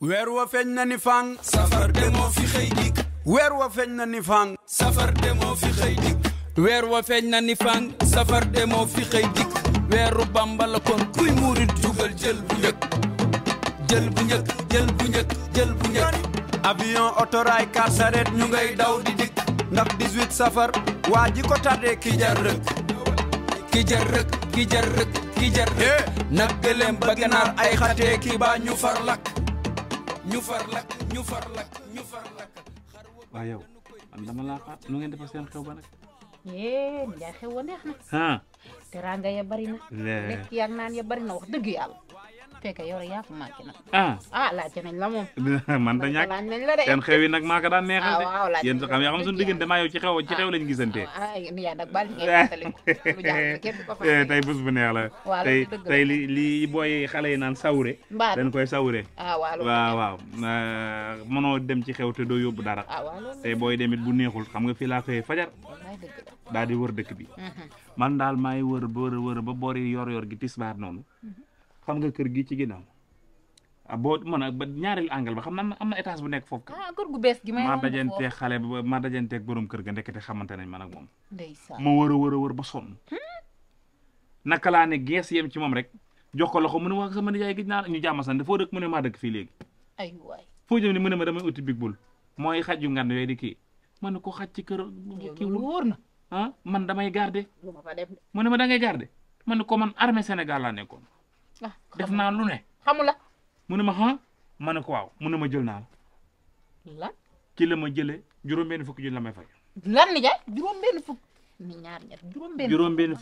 weer wa feeñ na ni fang. safar demoo fi xëy dikk. weer wa feeñ na ni fang. safar demoo fi xëy dikk. weer wa feeñ na ni fang. safar demoo fi xëy dikk. weeru bamba la kon kuy muurit jugal jël bu njëkk. jël bu njëkk jël bu njëkk jël bu njëkk. avion otoraay car charrette ñu ngay daw di dikk. ndax 18 safar. waa ji ko tardé ki jar rëkk. ki jar rëkk ki jar rëkk ki jar rëkk. nag gëléem ba ganaar ay xatee ki baa ñu far lakk. ñu far lakk ñu far lakk ñu far lakk. waaw yow man dama laa xaar nu ngeen defar seen xew ba nag. yee Ndiaye xew wa na. ah. teraanga ya bari na. lekk naan ya bari na wax dëgg yàlla. fekke yow rek yaa ko manqué man da ñàkk seen xew yi nag maa daan neexal de. Ah, waaw yéen xam yaa xam suñu diggante maa yow ci xew ci xew lañ ah, tey bés bu neex tey li li booy xale yi naan sawre. dañ koy sawre. Ah, waaw waaw dem ci xew te doo yóbbu dara. tey booy demit bu neekul xam nga fii laa koy fajar. daal di wër dëkk bi. Mhm. man daal maay wër wër wër ba boori yor-yor gi tisbaar noonu mhm. xam nga kër gi ci ginnaaw ah, bo mën a ba ñaaral angle ba xam na am na étage bu nekk fofu ah kër gu bes gi may ma dajante xalé ba ma ak borom kër ga ndekete xamante nañ man ak mom ndeysaan ma wëra wëra wër ba son naka la né gees yem ci mom rek jox ko loxo mu ne sama nijaay gi ñu jamm sant foo rek mu ne ma dëkk fi légui ay way fo jëm ni mu ne ma damay uti big bull moy xajju ngann yoy di ki man ko xajj ci kër kii han ah, man damay garder mu ne ma da ngay garder man ko man armée Sénégal la Ah, def naa lu ne. xamu la mu ne ma ah ma ne ko waaw mun ne ma jël naa la. lan ci la ma jëlee juróom-benn fukki la may fay. lan ni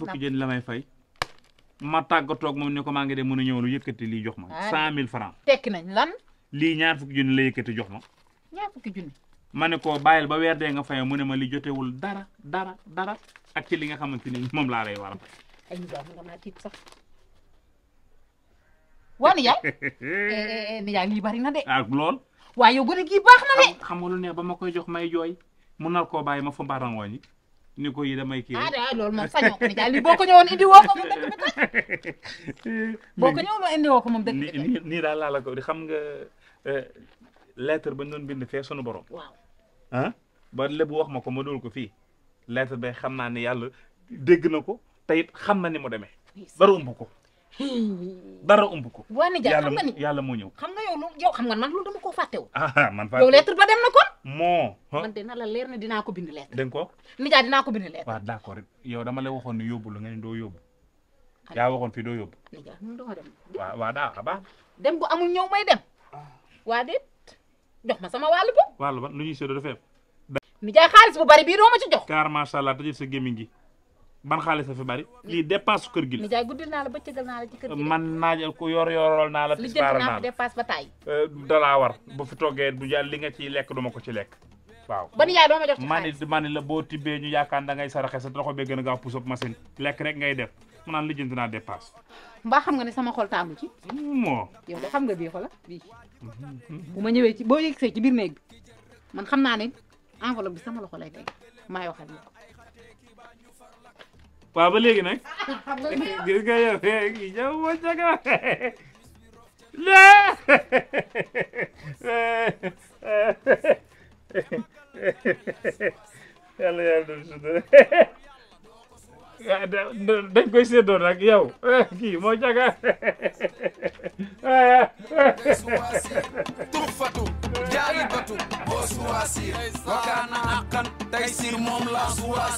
fukk ni la may fay. ma tàggatoo ak moom ne ko maa ngi dem mën a ñëw lu yëkkati lii jox ma. cent mille francs tekki nañ lan. lii ñaar fukki junni la yëkkati jox ma. ñaar fukki junni. ma ne ko bàyyil ba weer dee nga fay mu ne ma li jotewul dara dara dara ak ci li nga xamante ni moom laa lay war a fay. waa nijaay nijaay lii bari na de. ak ah, lool. waaye yow gone gii baax na de. xam nga lu ne ba ma koy jox may jooy mun na ko bàyyi ma fa mbaarangooñ ni ko yi may kii. ah de loolu moom sañoo ko nijaay lii boo ko ñëwoon dëkk bi tax. boo ko ñëwoon indi woo nii daal laa ko xam nga eh, lettre ba doon bind fee sunu borom. waaw ah wax ma ko ma dul ko fii lettre ba xam naa ni yàlla dégg na ko te it xam na ni mu demee. bari umb ko. dara umb ko. boo ne jaar xam nga ni yàlla moo xam nga yow lu yow xam nga man lu dama ko faté wu. ah man fàtte yow lettre ba dem na kon. mo man de na la leer ne dina ko bind lettre. dégg ko. ni ja dina ko bind lettre. wa d'accord accord yow dama la waxon ni yobul nga ni do yob ya waxon fi do yob nijaay moom doo dem. waaw waaw daa xaba. Ah, dem bu amu ñew may dem. wa dit jox ma sama walu bopp. walu ba lu ñuy séddoo dafay ni ja xaliss bu bari bi do ma ci jox. car ma sha allah dajul sa gémmiñ gi ban xaalis a fi bari lii dépasse kër gi la. nijaay guddil naa la bëccëgal naa la ci kër gi man naaj ku yor yorool naa la. li jënd naa ko dépasse ba taay. Euh, dalaa war bu fi toggee li nga ciy lekk duma ko ci lekk. waaw ba nijaay doo ma jox ci xaalis la boo tibbee ñu yaakaar da ngay saraxe sa loxo bee gën a gaaw puso machine lekk rek ngay def mu naan li jënd naa dépasse. mbaa xam nga ne sama xol taamu ci. moo yow de xam nga bii xola bii. bu ma ñëwee ci boo yegsee ci biir na bi xam naa ne enveloppe bi sama loxo lay teg waaw ba léegi nag gis nga yow gi jaw ma jaga lé yàlla yàlla def sutura dañ koy séddoo nag yow kii moo jaga tux fatu jaagi batu boo suwaasir wakaana aqan moom laa suwaas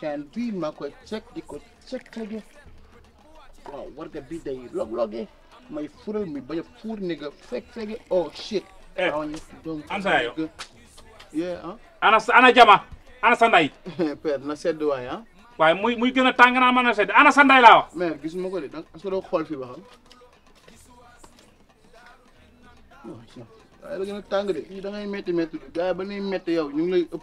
can bii maa koy check di ko check lage waaw warga bii day log loge may fural mi bañ a fuur nigga fekk fekk oh shit eh. yee ana ana jama ana sanday na sedd waay ah waaye muy muy gën a tàng naa mën a sedd ana sanday laa wax mais gis ma ko de donc soo doo xool fii ba xam waaye la gën a tàng de ñu da ngay métti métti ba nuy métti yow ñu ngi ëpp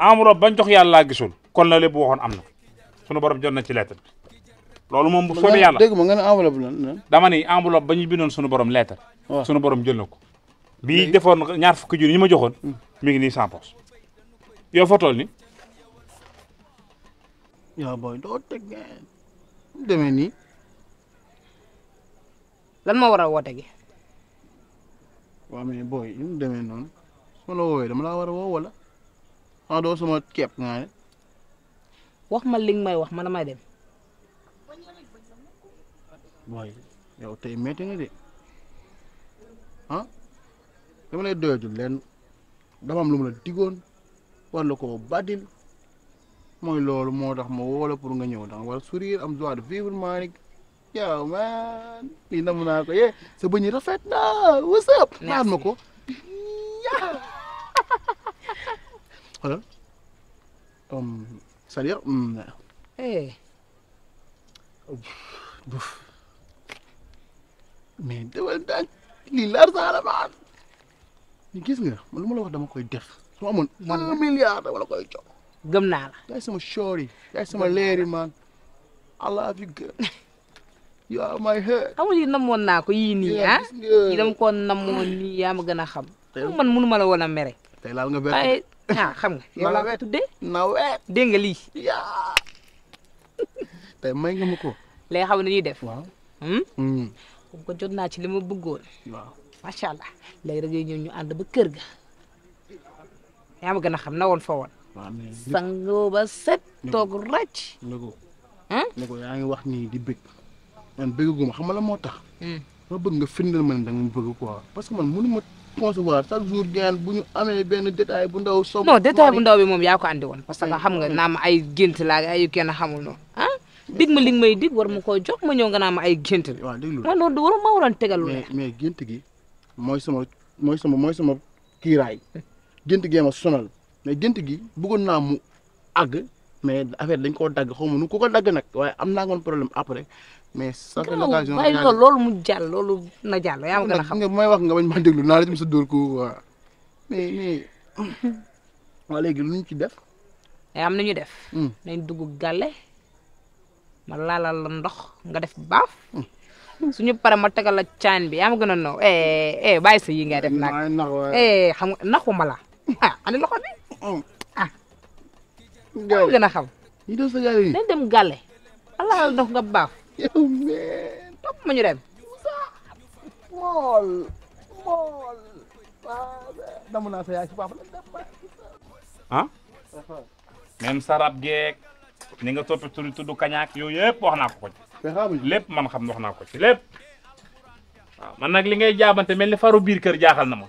amuro bañ jox yalla gisul kon la lepp waxon amna sunu borom jonne ci lettre lolou mom bu soobee yalla deug ma nga ne enveloppe la dama ni enveloppe bañu ñu sunu borom lettre sunu borom jël na ko bii defoon ñaar fukk junni ñima ma hmm. mi ngi ni sans poche yo fa tol ni yow booy doo teg demé ni lan mo wara wote gi wa mais boy ñu demé non su la woowee dama la wara wo wala waaw doo sama kepp nga wax ma li may wax ma damay dem. mooy yow tey métti nga de ah dama lay doyajul leen dama am la diggoon war la koo bàddil mooy loolu moo tax ma woo la pour ñëw danga war sourire am joie de vivre Malick yow man lii namu naa ko yee sa bëñ rafet na what's up naan ma ko. Hello? Um, salir, Mm. Hey. Eh. Ouf. mais dewal daal lii leer saa la ni gis nga man lu ma la wax dama koy def su ma amoon milliard dama koy jox gëm naa la yaay sama shori yaay sama leeri man I love you girl you are my head kamu yi namoon naa ko yii nii ah yi dama ko namoon ni ya ma gën a xam man mënuma la woon a mere laal nga ah xam nga yow laa koy tuddee nawet dégg nga lii yaa tey may nga ma ko lay xaw na ñuy def waaw comme que jot naa ci li ma bëggoon waaw macha allah léegi rek ñëw ñu ànd set toog ràcc ne ko ne di bëgg man bëgguma xam la moo tax ma bëgg nga firndeel ma ne danga concevoir chaque jour ngeen bu amee benn détail bu ndaw. soog non détail bu ndaw bi moom yaa ko andi woon. parce que xam nga naa ma ay gént laa ay kenn xamul noonu ah. dig ma li may dig war ma koo jox ma ñëw nga naa ma ay gént la. waaw dégg nga ah, loolu waruma waroon tegal lu ne. mais gént gi mooy sama mooy sama mooy sama kiiraay gént gee ma sonal mais gént gi bëggoon naa mu àgg. mais affaire dañ koo dagg xaw ma nu ku ko dagg nag waaye am naa ngoon problème après. mais ça fait l'occasion bàyyi ko loolu mu jàll loolu na jàll yaa ma gën a xam. nga may wax nga bañ ma déglu naa la ci sa dóor léegi lu ñu ci def. Eh, am na ñu def. Hmm. nañ dugg gàlle ma laalal la ndox nga def baaf. Hmm. suñu pare ma tegal la caan bi yaa ma gën a noo eh eh bàyyi sa yi ngay def. naag eh, xam nga naxu ma la ah ani gaaw gën a xam. ñu def sa gaale yi nañ dem allah dox nga baax. yow mais. topp ma ñu dem. mool mool. damm naa sa yaay si papa ah. même sarab geek ni nga toppi turi tudd kañaak yooyu yëpp wax naa ko ci. lépp man xam wax naa ko ci lépp. man nag li ngay jaabante faru kër na ma.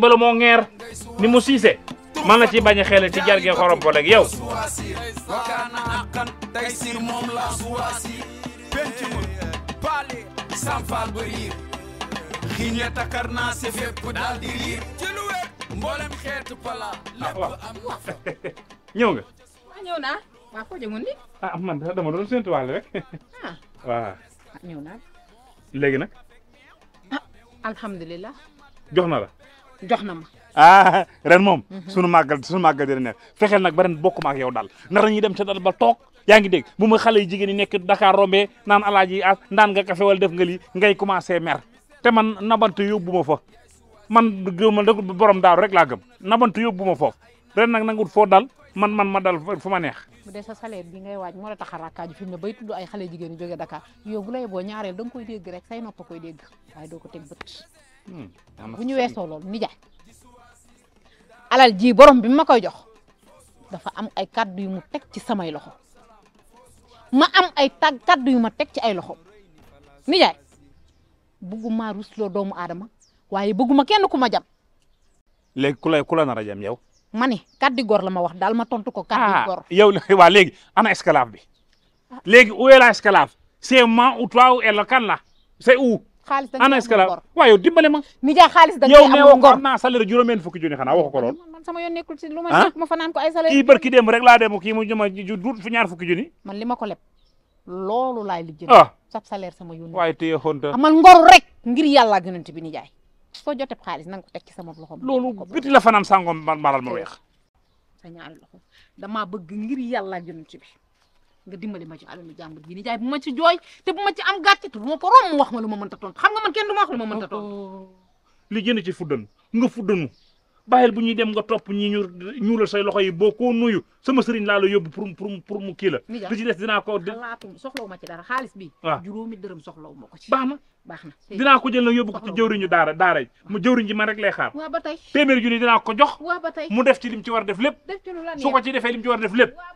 bala ngeer ni mu man la ci bañ a xeele ci jarge xorompol ak yow ñëw nga ah, ñëw naa waaw foo jëmoon ni ah, ah man da dama doon séntu waale rek ah. waaw ñëw naa léegi nag alhamdulilah jox na la jox na ma. ah ren moom. sunu màggal sunu màggal dina neex fexeel nag ba ren bokkuma ak yow daal nar ñuy dem ca dal ba toog yaa ngi dégg bu ma xale yu jigéen yi nekk Dakar rombé naan alaaji as naan nga kafe wala def nga lii ngay commencé mer te man nabante yóbbu ma fa man gëma dëgg borom daaru rek laa gëm nabante yóbbu ma foofu ren nag nangut foo dal man man ma dal fu ma neex. bu dee sa salaire bi ngay waaj moo la tax a rakkaaju fi mu ne bay tudd ay xale jigéen yu jógee Dakar yow bu lay boo da nga koy dégg rek say nopp koy dégg waaye doo ko teg Hmm. bu ñu weesoo loolu nijaay alal ji borom bi ma koy jox dafa am ay kàddu yu mu teg ci samay loxo ma am ay tag kàddu yu ma teg ci ay loxo nijaay bëgguma rusloo doomu aadama waaye bëgguma kenn ku ma jam léegi ku la ku la jam yow ma ne kàddu la ma wax daal ma tontu ko kàddu ah, góor yow waa léegi ana esclave bi ah. léegi où est l'esclave c'est moi ou toi ou elle kan la c'est xaalis dañ ana esclave waaw ma nijaay xaalis dañ yow nee ko am naa salaire juróomeen fukki junni xanaa waxu ko lool man ah? ko ay salaire kii barki dem rek laa dem kii mu jëma fukki junni man li ko leb loolu laay lijjël ah sab salaire sama yoon waaye téye xonta amal ah, ngoru rek ngir yàlla ak yonent bi nijaay soo jotee xaalis na nga ko teg ci sama loxo loolu biti la fanaan sàngoom malal ma weex sa ñaari loxo damaa bëgg ngir yàlla ak yonent bi nga dimbali ma ci alalu jàmbur ji nijaay bu ma ci jooy te bu ma ci am gàcce te bu ma ko wax ma lu ma mënta tontu xam nga man kenn du ma wax lu ma mënta tontu. Oh. li génn ci fuddan nga fuddanu bàyyil bu ñuy dem nga topp ñii ñu ñuulal say loxo yi boo ko nuyu sama sëriñ laa la yóbbu pour pour pour mu kii la. li ci des dinaa ko. xalaatu soxlawu ma ci dara xaalis bi. waaw juróomi dërëm soxlawu ma ko ci. baax na baax na dinaa ko jël nag yóbbu ko ci jëwriñu daara daara yi mu jëwriñ ji man rek lay xaar. waaw ba tey téeméer junni dinaa ko jox. waaw ba tey mu def ci lim ci war def lépp. def ci lu la neex su ko ci defee lim ci war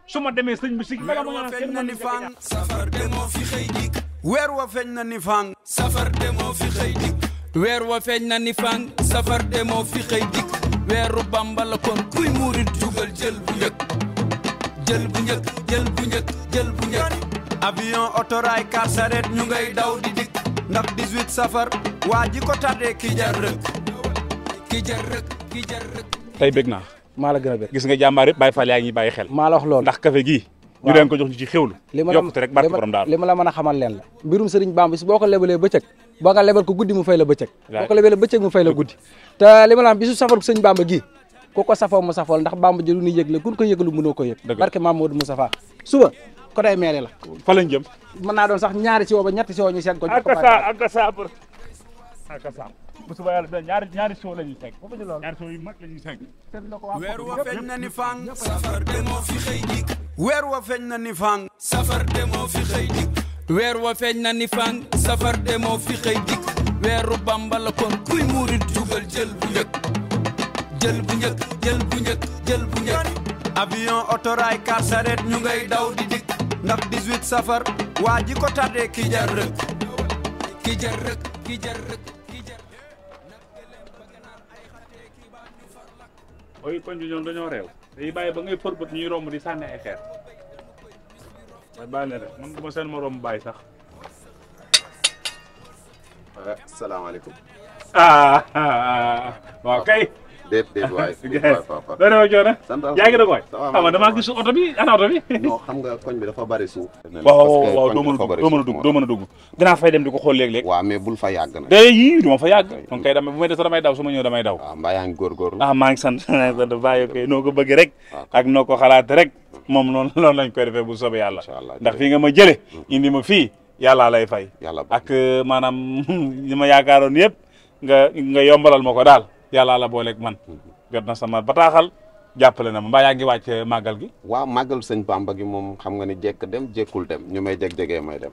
su ma demee sëñ bi si. weer wa feeñ na ni fang safar demoo fi xëy dikk. weer wa feeñ na ni fang wa feeñ na ni fang safar demoo fi xëy weeru bamba la kon kuy muurit jugal jël bu njëkk jël bu njëkk jël bu njëkk avion otoraay car ñu ngay daw di dikk ndax 18 safar waa ji ko tardee rëkk ki rëkk ki jar rëkk gën a bég gis nga jàmbaar yëpp Baye Fall yaa ngi bàyyi xel maa la ndax café gi ñu leen a jox ñu ci xéwlu yokkute rek a xamal leen la mbirum sëriñ Bamba bis boo ko lebalee bëccëg boo nga lebal ko guddi mu fay la bëccëg boo ko lebalee bëccëg mu fay la guddi te li ma la safar sëriñ Bamba gi ku ko safoo mu safool ndax Bamba ji yëg la kun ko yëgalu mënoo ko yëg barke Maam Modou Moustapha suba ko day meere la jëm mën naa doon sax ñaari si woo ba ñetti si woo ñu seet ko ak sa ak sa bu suba yàlla dina la ñuy teg ñaari yu mag la ñuy teg weer wa feeñ na ni fang safar demoo fi xëy dikk weer wa feeñ na ni fang safar demoo fi xëy dikk weer wa feeñ na ni fang safar demoo fi xëy dikk weeru bamba la kon kuy muurit jugal jël bu njëkk jël bu njëkk jël bu njëkk avion autorail car ñu ngay daw di ndax 18 safar waa ji ko tàddee rëkk ki rëkk ooy koñ bi ñoom dañoo réew bàyyi ba ngay përbët ñuy romb di sànni ay xeer mooy bàyyi leen rek man seen moroomu bàyyi sax. salaamaaleykum. ah waaw kay. deh waay dana ma joona yaa ngi da koy xam nga damaa gis oto bi ana oto bi non xam nga koñ bi dafa bari suuf waaw waaw doo mën a doo mën a dugg doo mën a dugg dinaa fay dem di ko xool léeg-léeg waaw mais bul fa yàgg na day yii du fa yàgg donc kay damay bu may def damay daw su ma ñëw damay daw waaw mbaa yaa ngi góorgóorlu ah maa ngi sant maa ngi sant bàyyi koy noo ko bëgg rek ak noo ko xalaat rek moom noonu loolu lañ koy defee bu soobee yàlla ndax fii nga ma jële mm-hmm. indi ma fii yàlla lay fay ak euh, maanaam ñi ma yaakaaroon yëpp nga nga yombalal ma ko daal yàllaa la booleeg man jot sama bataaxal jàppale na ma mbaa yaa ngi wàcc màggal gi waaw màggal sëñ Bamba gi moom xam nga ni jekk dem jekkul dem ñu may jeg-jegee may dem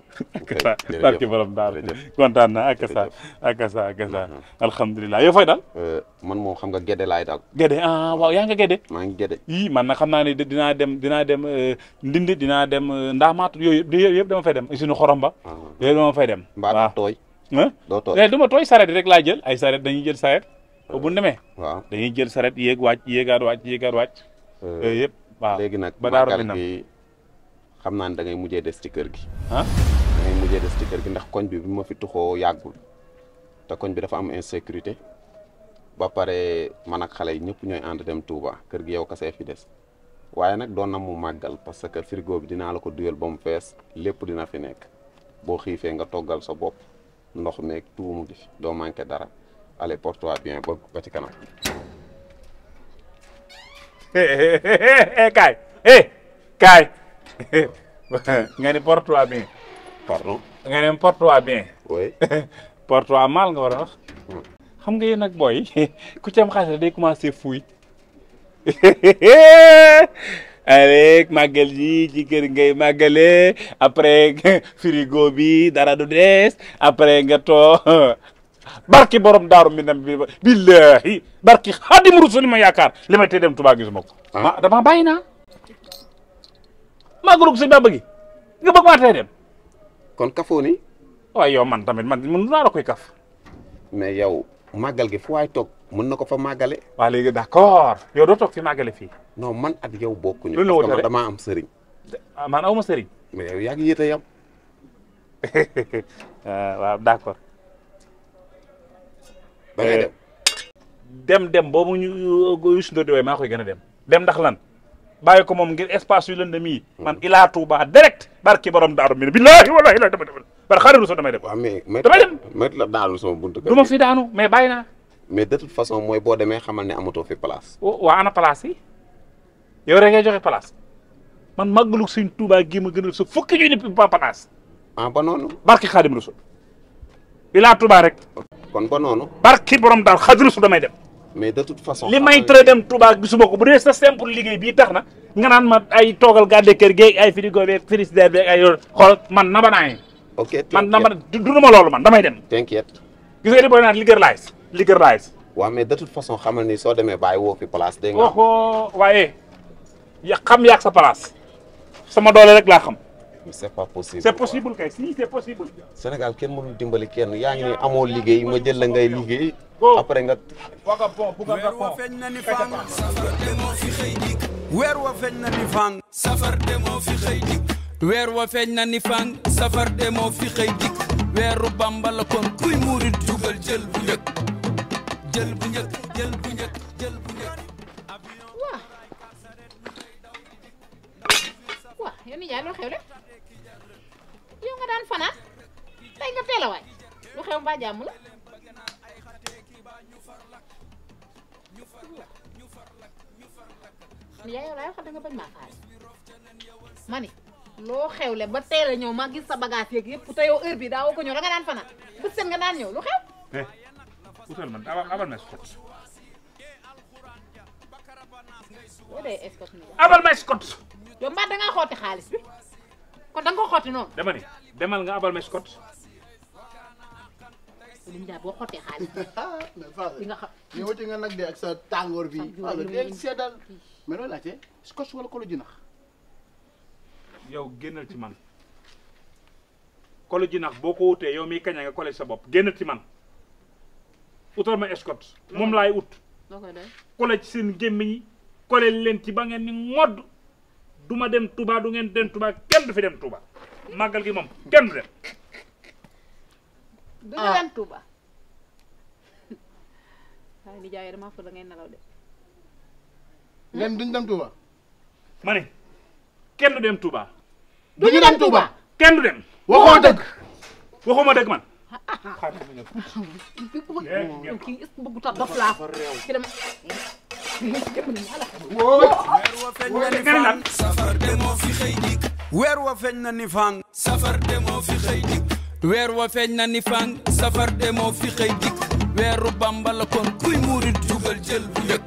ak ci borom daal kontaan na ak sa ak sa ak sa mhm. alhamdulilah yow euh, man moom xam nga gédé laay daal gédé ah waaw yaa nga gédé maa ngi gédé yii man na xam naa ne dinaa dem dina dem euh, ndindi dinaa dem euh, ndaamaatu yooyu yëpp dama fay dem usine xorom ba ah. yooyu dama fay dem mbaa doo tooy doo tooy eh, du ma tooy saret rek laa jël ay saret dañuy jël saret ba bu demee waaw dañuy jël saret yéeg wàcc yéegaat wàcc yéegaat wàcc yooyu yëpp waaw léegi nag ba daaru minam xam naa ne da ngay mujjee des ci kër gi ah da ngay mujjee des ci kër gi ndax koñ bi bi ma fi tuxoo yàggul te koñ bi dafa am insécurité ba pare man ak xale yi ñëpp ñooy ànd dem Touba kër gi yow kasee fi des waaye nag doon na mu màggal parce que frigo bi dinaa la ko duyal ba mu fees dina fi nekk boo xiifee nga toggal sa bopp ndox meeg tuumu gi doo manqué dara allez porte-toi bien ba ba ci kanam. kaay kaay nga ni porte-toi bien. pardon. nga ne porte-toi bien. oui. mal nga war wax. Hmm. xam nga yéen nag booy ku ci am xaalis day commencé fuuy. avec màggal ji ci kër ngay màggale après frigo bi dara du des nga too barki borom daaru mi billahi barki xadim rasul ma yaakaar li may tey dem Tuubaa gisuma ko ah. ma dama bàyyi naa maagurug sëñ Bàmba gi bëgg maa tey dem kon kafoo ni waaye yow man tamit man mën naa la kaf mais yow màggal gi fu waay toog mën na ko fa màggale waa léegi d'accord yow doo toog fi màggale fii non man ak yow bokkuñu parce que man damaa am sëriñ ah, man awma sëriñ mais yaa ngi yéete yam ah, waaw ba ngay dem. dem dem boobu ñu uh, Youssou de di way maa koy dem dem ndax lan bàyyi ko moom ngir espace yu lëndëm yi. Hmm. man Ila Touba direct barki borom daaru mi ne billahi wallahi la dama dem bar xaarul soo damay dem. waaw mais damay dem mais la daanu mais de toute façon mooy boo demee xamal ne amatoo fi place. Oh, waa ana place yi yow rek ngay joxe place man màggalu suñ Touba gii ma gënal sa fukki ñuy ne place. ah ba noonu. barki Xaadim Rasul rek. kon ba noonu. barki borom daal xajul su damay dem. mais de toute façon. li may tërë dem Touba gisuma ko bu dee sa simple liggéey bii tax na nga naan ma ay toogal gàdde kër gi ay frigo beeg frigidaire beeg ay xool man naba naa yee. ok man naba dunduma loolu man damay dem. t'inquiète. gis nga li booy naan liggéey laaj liggéey laaj. waaw mais de toute façon xamal ni soo demee bàyyi woo fi place. dégg nga waaye ya xam yaak sa place sama doole rek laa xam. c'est pas possible c'est possible kay si c'est possible Sénégal kenn mënu dimbali kenn yaa ngi ni amoo liggéey ma jël la ngay liguey après nga waga bon bu nga ko feñ na ni fang safar demo fi xey dik weer wa feñ na ni fang safar de mo fi xey dik wer wa feñ na ni fang safar de mo fi xey dik wer bamba la kon kuy muurit dugal jël bu ñëk jël bu ñëk jël bu ñëk jël bu ñëk Wah, ya ni jalan kau deh. nga daan fanaan tey nga teel a waay lu xew mbaa jàmm la yaay yow laay waxal da nga bañ maa faale ma ni loo xewle ba teel ñëw ma gis sa bagage yeeg yëpp te yow heure bi daawoo ko ñëw da nga daan fanaan bu seen nga daan ñëw lu xew eh, utal man abal ma scot abal ma yow mbaa dangaa xooti xaalis bi kon da nga ko xotti noonu. dama ne demal nga abal ma Scott. li ñu daal boo xottee xaalis. mais Fatou li nga xam yow ci nga nag de ak sa tàngoor bi. Fatou del seedal mais loolu laajte Scott wala kolo jinax. yow génnal ci man kolo jinax boo ko yow miy kaña nga ko sa bopp génnal ci man utal ma Scott. moom laay ut. kole ci seen gémmiñ yi kole leen ci ba ngeen ni ngodd duma dem tuba du ngeen dem tuba kenn du fi dem tuba magal gi mom kenn du dem du ñu dem tuba ay ni jaay dama fa la ngeen nalaw de ngeen duñ dem tuba mané kenn du dem tuba du ñu dem tuba kenn du dem waxo deug waxuma deug man ki est bëggu ta dof la safar demoo fi xëy dikk weer wa feeñ na ni fang safar demoo fi xëy dikk weer wa feeñ na ni fang safar demoo fi xëy dikk weeru bamba la kon kuy muurit jugal jël bu njëkk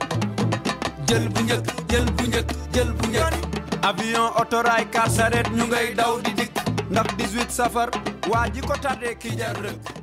jël bu njëkk jël bu njëkk jël bu njëkk avion otoraay car saret ñu ngay daw di dikk ndax 18 safar waa ji ko tardee kii rëkk